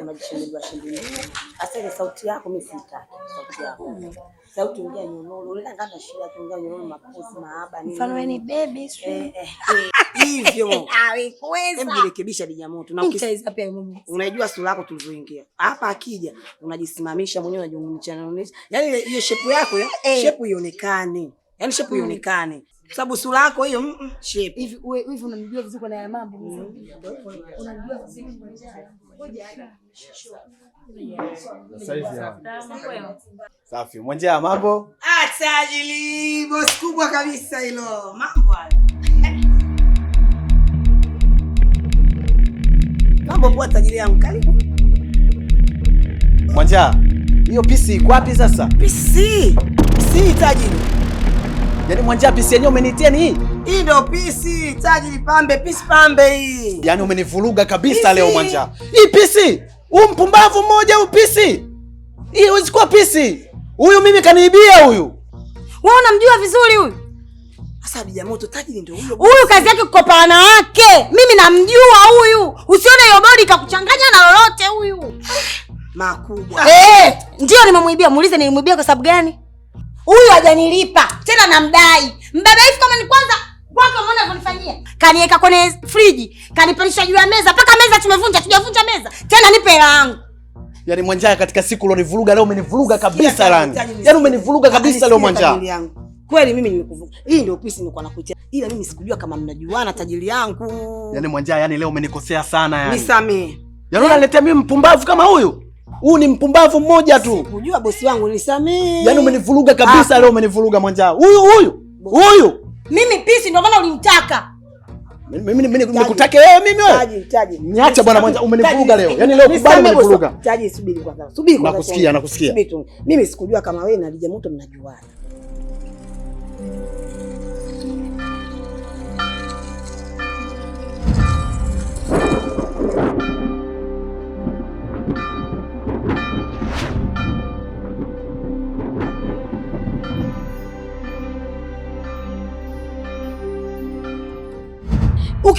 unajishindilia shindilia. Hasa ile sauti yako mimi sitaki sauti yako. Sauti ongea nyororo. na shida nyororo Mfano ni baby eh, eh, eh. Hivyo. Hebu moto na pia Unajua sura yako tulivyoingia. Hapa akija unajisimamisha mwenyewe unajumunisha na unaonyesha. Yaani hiyo shepu yako shepu ionekane. Yaani shepu mm. ionekane sababu sura yako hiyo mm, mm, shape hivi hivi, unanijua vizuri kwa haya mambo, unanijua vizuri safi. Mwanje ya mambo Acha ajili boss kubwa kabisa hilo mambo haya mambo kwa tajili yangu, karibu Mwenjea. Hiyo PC iko wapi sasa? PC PC tajili Yaani Mwanjia, pisi yenyewe umenitia ni hii hii, ndio pisi taji lipambe, pisi pambe hii. Yaani umenivuruga kabisa Leo Mwanjia, hii pisi, huu mpumbavu mmoja, huu pisi hii huwezi kuwa pisi. Huyu mimi kaniibia huyu. Wewe unamjua vizuri huyu sasa moto tajiri ndio huyo. Huyu kazi yake kukopa wanawake. Mimi namjua huyu. Usione hiyo bodi ikakuchanganya na lolote huyu. Makubwa. Eh, ndio nimemwibia. Muulize nilimwibia kwa sababu gani? huyu hajanilipa tena, namdai mbabaifu kama ni kwanza kwako. Mbona unavyonifanyia? Kaniweka kwenye friji, kanipandisha juu ya meza, mpaka meza tumevunja. Tujavunja meza tena, nipe hela yangu. Yani Mwanjaya, katika siku ulionivuruga leo umenivuruga kabisa lani. Yaani umenivuruga kabisa leo Mwanjaya. Kweli mimi nimekuvuruga. Hii ndio pisi nilikuwa nakutia. Ila mimi sikujua kama mnajuana tajiri yangu. Yaani Mwanjaya, yani leo umenikosea sana yani. Nisamee. Yaani unaniletea mimi mpumbavu kama huyu? Huu ni mpumbavu mmoja tu. Sikujua bosi wangu nisamee. Yaani umenivuruga kabisa ah. leo umenivuruga mwanjao. Huyu huyu. Huyu. Mimi pisi ndio maana ulimtaka. Mimi mimi nikutake wewe mimi wewe. Taji, taji. niacha bwana mwanja umenivuruga leo. Yaani leo kubali umenivuruga. Taji, subiri kwanza. Subiri kwanza. Nakusikia, nakusikia. Mimi sikujua kama wewe na Lijamoto mnajuana.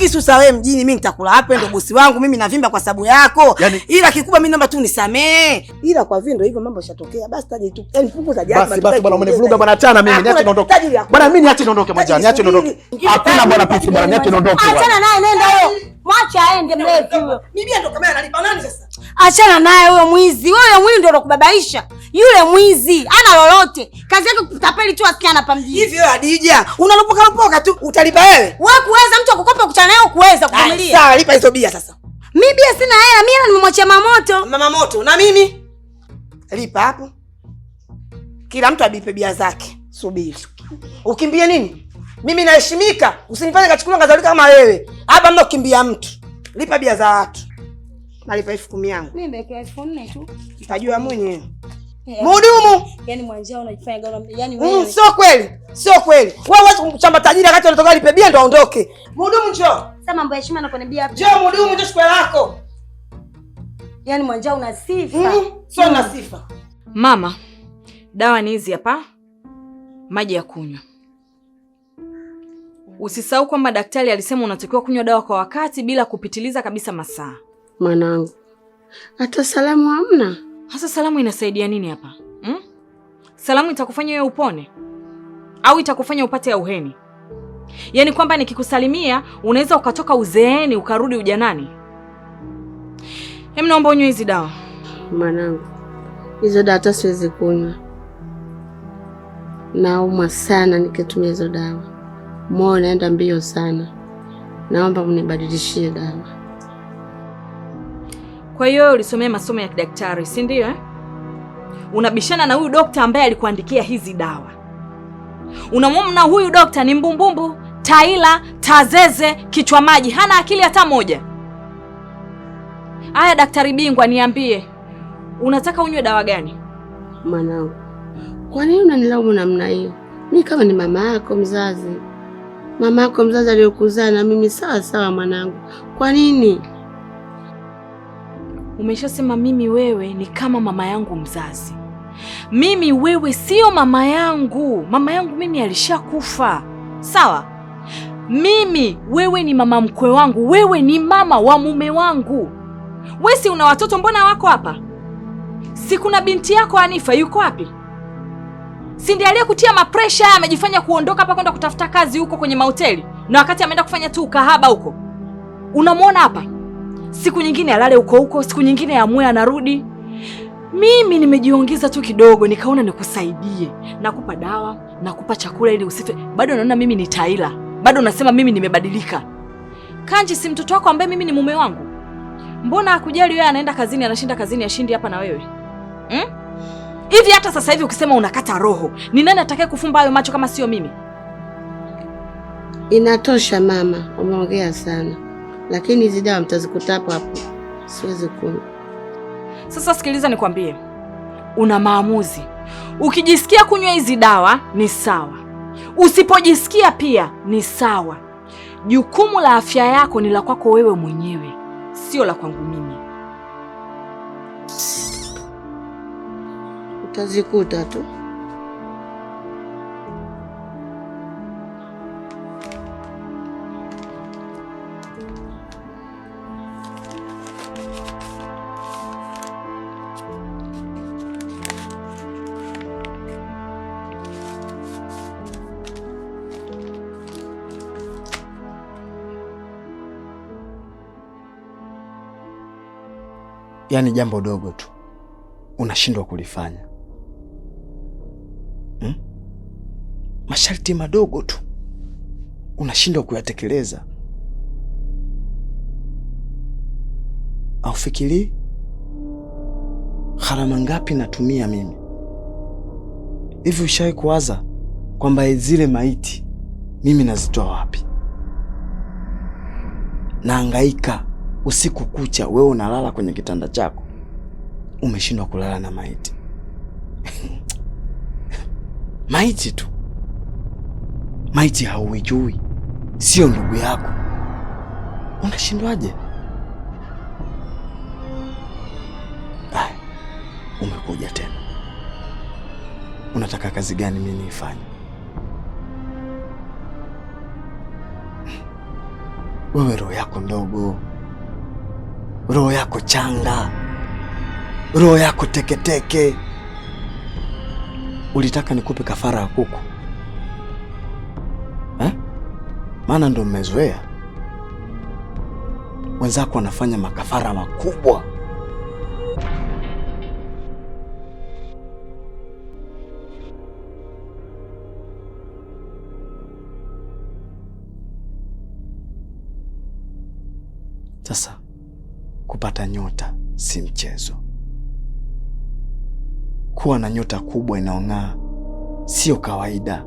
Isusa wewe mjini, mimi nitakula wapi ndo bosi wangu? Mimi navimba kwa sababu yako yani, ila kikubwa mimi naomba tu nisamee, ila kwa vile vindo hivyo mambo yashatokea. Basi taji tu, yani punguza jamaa. Basi basi bwana, umenivuruga bwana, achana mimi, niache niondoke bwana, mimi niache niondoke, majani niache niondoke. Hakuna bwana, pisi bwana, niache niondoke bwana, achana naye, nenda wewe. Mwacha aende mlevi huyo. Bibia ndo kama analipa nani sasa? Achana naye huyo mwizi. Wewe mwizi ndo unakubabaisha. Yule mwizi ana lolote. Kazi yake kutapeli tu asikiana hapa mjini. Hivi wewe Adija, unalopoka lopoka tu utalipa wewe. Wewe kuweza mtu akukopa kuchana naye kuweza kuvumilia. Sawa, lipa hizo bia sasa. Mimi bia sina hela, mimi hela nimemwachia mama moto. Mama moto na mimi. Lipa hapo. Kila mtu abipe bia zake. Subiri. Ukimbie nini? Mimi naheshimika, usinifanye kachukuliwa ngazalika kama wewe. Hapa mna kukimbia mtu. Lipa bia za watu. Nalipa elfu kumi yangu. Mimi nimeweka elfu nne tu. Utajua mwenyewe. Eh. Mhudumu. Yaani mwanjao unajifanya gani? Yaani mm, wewe. Mm, Sio kweli. Sio kweli. Wewe huwezi kumchamba tajiri wakati unatoka lipe bia ndo aondoke. Mhudumu njoo. Sasa mambo ya heshima na kunibia hapa. Njoo mhudumu, njoo shukwe lako. Yaani mwanjao una sifa. Mm, sio una sifa. Mama, dawa ni hizi hapa. Maji ya kunywa. Usisahau kwamba daktari alisema unatakiwa kunywa dawa kwa wakati bila kupitiliza kabisa masaa. Mwanangu, hata salamu hamna. Hasa salamu inasaidia nini hapa hmm? Salamu itakufanya wewe upone au itakufanya upate ya uheni? Yaani kwamba nikikusalimia unaweza ukatoka uzeeni ukarudi ujanani? Hem, naomba unywe hizi dawa mwanangu. Hizo dawa hata siwezi kunywa, naumwa sana nikitumia hizo dawa. Moyo unaenda mbio sana, naomba mnibadilishie dawa. Kwa hiyo ulisomea masomo ya kidaktari, si ndio? Eh? Unabishana na huyu dokta ambaye alikuandikia hizi dawa. Unamwona huyu dokta ni mbumbumbu, taila, tazeze, kichwa maji, hana akili hata moja. Aya, daktari bingwa, niambie, unataka unywe dawa gani? Mwanangu, kwa nini unanilaumu namna hiyo? Mi kama ni mama yako mzazi mama yako mzazi aliyokuzaa na mimi sawa sawa. Mwanangu, kwa nini umeshasema mimi wewe ni kama mama yangu mzazi? Mimi wewe sio mama yangu. Mama yangu mimi alishakufa, sawa? Mimi wewe ni mama mkwe wangu, wewe ni mama wa mume wangu. Wewe si una watoto, mbona wako hapa? Si kuna binti yako Anifa, yuko wapi? si ndiye aliyekutia mapresha haya? Amejifanya kuondoka hapa kwenda kutafuta kazi huko kwenye mahoteli, na wakati ameenda kufanya tu ukahaba huko. Unamwona hapa, siku nyingine alale huko huko, siku nyingine amwe anarudi. Mimi nimejiongeza tu kidogo, nikaona nikusaidie, nakupa dawa, nakupa chakula ili usife. Bado naona mimi ni Taila, bado nasema mimi nimebadilika. Kanji si mtoto wako ambaye mimi ni mume wangu? Mbona hakujali wewe? Anaenda kazini, anashinda kazini, ashindi hapa na wewe hmm? Hivi hata sasa hivi ukisema unakata roho, ni nani atakaye kufumba hayo macho kama sio mimi? Inatosha mama, umeongea sana, lakini hizi dawa mtazikuta hapo hapo, siwezi kunywa. Sasa sikiliza nikwambie, una maamuzi. Ukijisikia kunywa hizi dawa ni sawa, usipojisikia pia ni sawa. Jukumu la afya yako ni la kwako wewe mwenyewe, sio la kwangu mimi utazikuta tu. Yaani jambo dogo tu unashindwa kulifanya hmm? Masharti madogo tu unashindwa kuyatekeleza. Aufikiri gharama ngapi natumia mimi? Hivi ushawahi kuwaza kwamba zile maiti mimi nazitoa wapi? Naangaika usiku kucha, wewe unalala kwenye kitanda chako, umeshindwa kulala na maiti maiti tu. Maiti hauijui, sio ndugu yako, unashindwaje? Umekuja tena, unataka kazi gani mimi niifanye? Wewe roho yako ndogo, roho yako changa, roho yako teketeke teke ulitaka nikupe kafara ya kuku eh? Maana ndo mmezoea wenzako wanafanya makafara makubwa. Sasa kupata nyota si mchezo kuwa na nyota kubwa inaong'aa sio kawaida,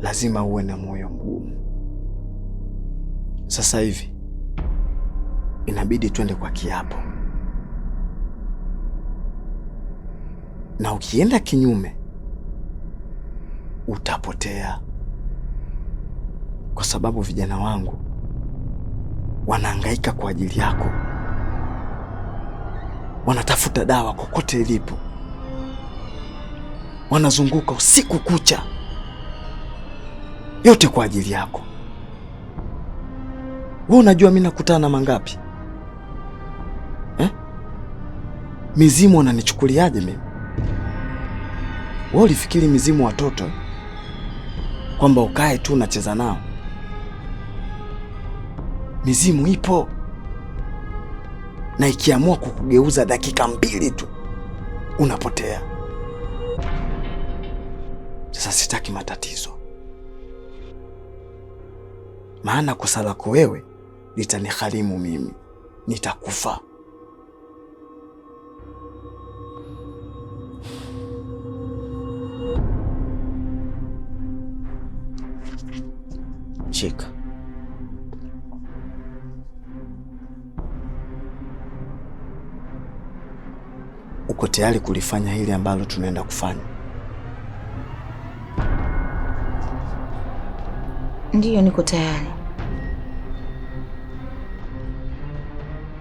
lazima uwe na moyo mgumu. Sasa hivi inabidi twende kwa kiapo, na ukienda kinyume utapotea, kwa sababu vijana wangu wanahangaika kwa ajili yako, wanatafuta dawa kokote ilipo wanazunguka usiku kucha, yote kwa ajili yako. We unajua mi nakutana na mangapi eh? Mizimu wananichukuliaje mimi? We ulifikiri mizimu watoto eh? kwamba ukae tu unacheza nao? Mizimu ipo na ikiamua kukugeuza dakika mbili tu unapotea. Sasa sitaki matatizo, maana kosa lako wewe litanigharimu mimi, nitakufa. Chika, Uko tayari kulifanya hili ambalo tunaenda kufanya? Ndiyo, niko tayari.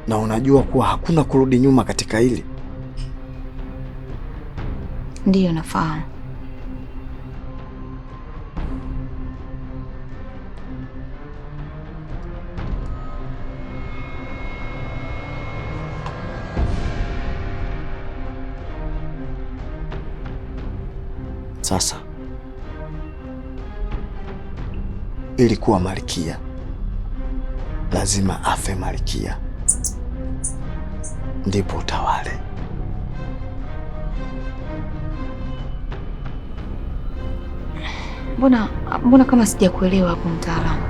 Na unajua kuwa hakuna kurudi nyuma katika hili. Ndiyo, nafahamu. ili kuwa malkia lazima afe malkia, ndipo utawale. Mbona mbona kama sijakuelewa hapo, mtaalamu,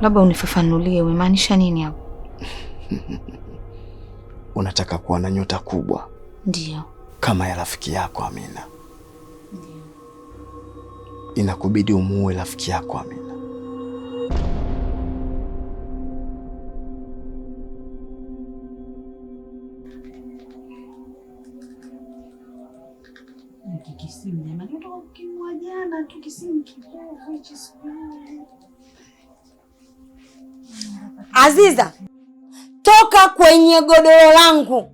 labda unifafanulie umemaanisha nini hapo? Unataka kuwa na nyota kubwa, ndiyo, kama ya rafiki yako Amina inakubidi umuue rafiki yako Amina. Aziza, toka kwenye godoro langu.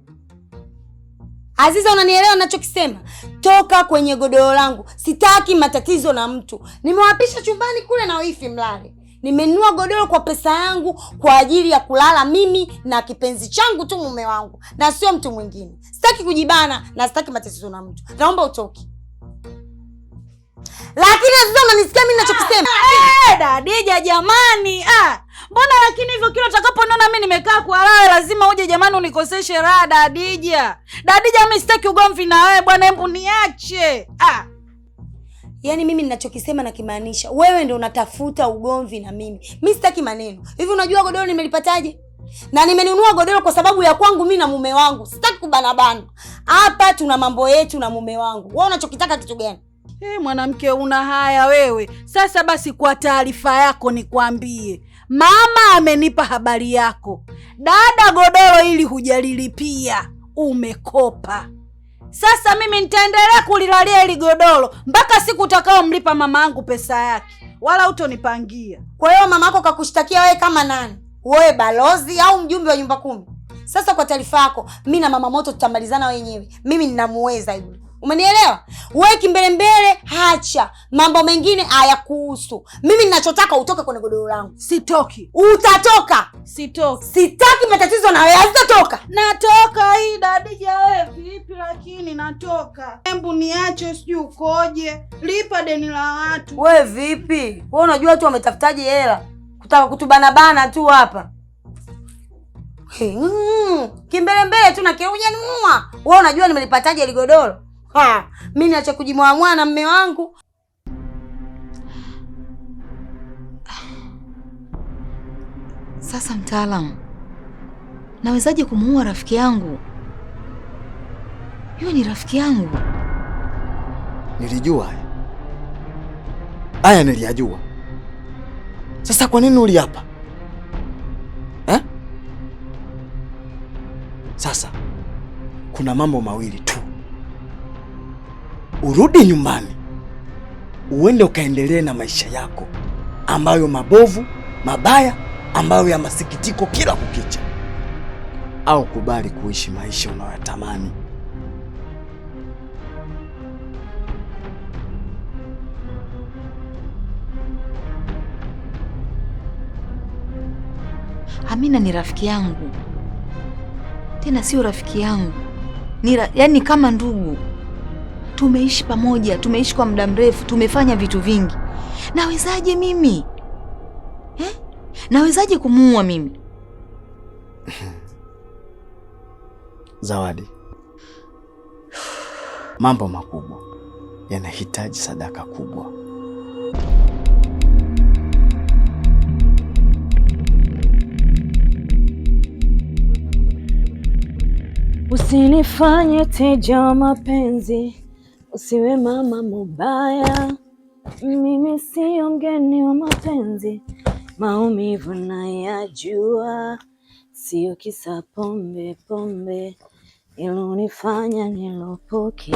Aziza, unanielewa ninachokisema? Toka kwenye godoro langu, sitaki matatizo na mtu. Nimewapisha chumbani kule na wifi mlale. Nimenunua godoro kwa pesa yangu kwa ajili ya kulala mimi na kipenzi changu tu, mume wangu, na sio mtu mwingine. Sitaki kujibana na sitaki matatizo na mtu, naomba utoki. Lakini Aziza, unanisikia mimi ninachokisema? Ah, eh, dadija jamaa Mbona lakini hivyo kila utakaponiona mimi nimekaa kwa raha lazima uje jamani unikoseshe raha Dadija. Dadija mimi sitaki ugomvi na wewe bwana hebu niache. Ah. Yaani mimi ninachokisema na kimaanisha. Wewe ndio unatafuta ugomvi na mimi. Mimi sitaki maneno. Hivi unajua godoro nimelipataje? Na nimenunua godoro kwa sababu ya kwangu mimi na mume wangu. Sitaki kubanabana. Hapa tuna mambo yetu na mume wangu. Wewe unachokitaka kitu gani? Eh, hey, mwanamke una haya wewe. Sasa basi kwa taarifa yako nikwambie. Mama amenipa habari yako. Dada, godoro ili hujalilipia, umekopa. Sasa mimi nitaendelea kulilalia hili godoro mpaka siku utakaomlipa mama yangu pesa yake, wala utonipangia. Kwa hiyo mama yako kakushtakia wewe kama nani? Wewe balozi au mjumbe wa nyumba kumi? Sasa kwa taarifa yako, mi na mama moto tutamalizana wenyewe, mimi ninamuweza yule Umenielewa? Wewe mbele, hacha mambo mengine hayakuhusu. Mimi ninachotaka utoke kwenye godoro langu. Sitoki. Utatoka. Sitoki. Sitaki matatizo na wewe, hazitatoka. Natoka hii dadija, wewe vipi? Lakini natoka. Hebu niache, sijui ukoje, lipa deni la watu. Wewe vipi? Wewe unajua watu wametafutaje hela, kutaka kutubana bana tu hapa Hmm. Kimbele kimbelembele tu na keuja nunua. Wewe unajua nimelipataje ligodoro mi nacha kujimwaa mwana mme wangu. Sasa mtaalamu, nawezaje kumuua rafiki yangu? Yule ni rafiki yangu. Nilijua haya haya, niliyajua. Sasa kwa nini hapa eh? Sasa kuna mambo mawili tu urudi nyumbani uende ukaendelee na maisha yako ambayo mabovu mabaya, ambayo ya masikitiko kila kukicha, au kubali kuishi maisha unayotamani. Amina ni rafiki yangu, tena sio rafiki yangu ni ra... yani kama ndugu tumeishi pamoja, tumeishi kwa muda mrefu, tumefanya vitu vingi. Nawezaje mimi eh? Nawezaje kumuua mimi? Zawadi, mambo makubwa yanahitaji sadaka kubwa. Usinifanye tija wa mapenzi Usiwe mama mubaya, mimi siyo mgeni wa mapenzi, maumivu nayajua, siyo kisa pombe pombe ilonifanya nilopoke.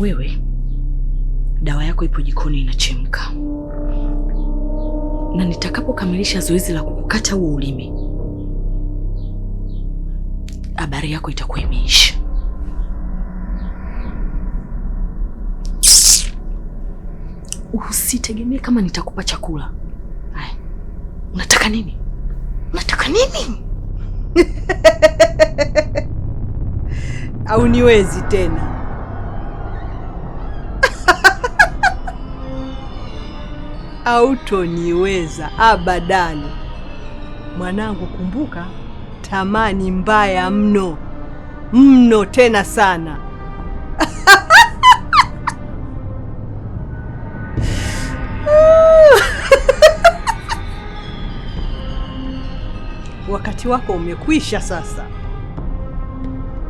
Wewe dawa yako ipo jikoni inachemka, na nitakapokamilisha zoezi la kukukata huo ulimi, habari yako itakuwa imeisha. Usitegemee kama nitakupa chakula. Haya, unataka nini? Unataka nini? au niwezi tena hautoniweza abadani. Mwanangu, kumbuka, tamaa ni mbaya mno mno, tena sana. Wakati wako umekwisha sasa.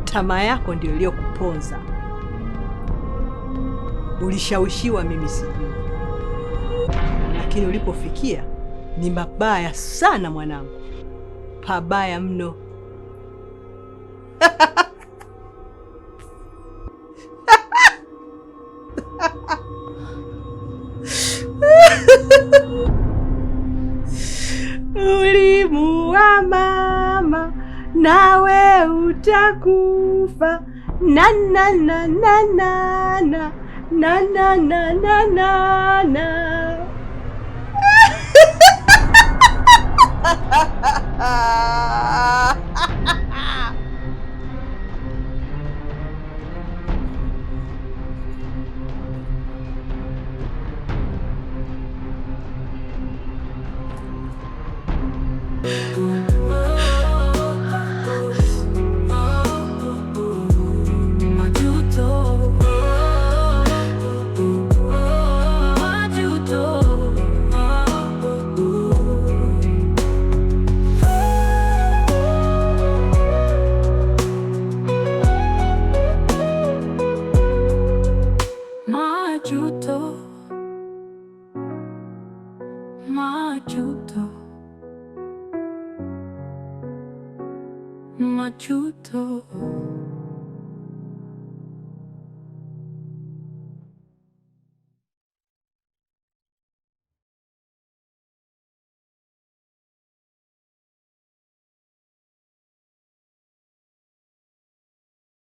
Tamaa yako ndio iliyokuponza. Ulishawishiwa, mimi sijui lakini ulipofikia ni mabaya sana mwanangu, pabaya mno. wa mama, nawe utakufa. na na na na na na na na na na na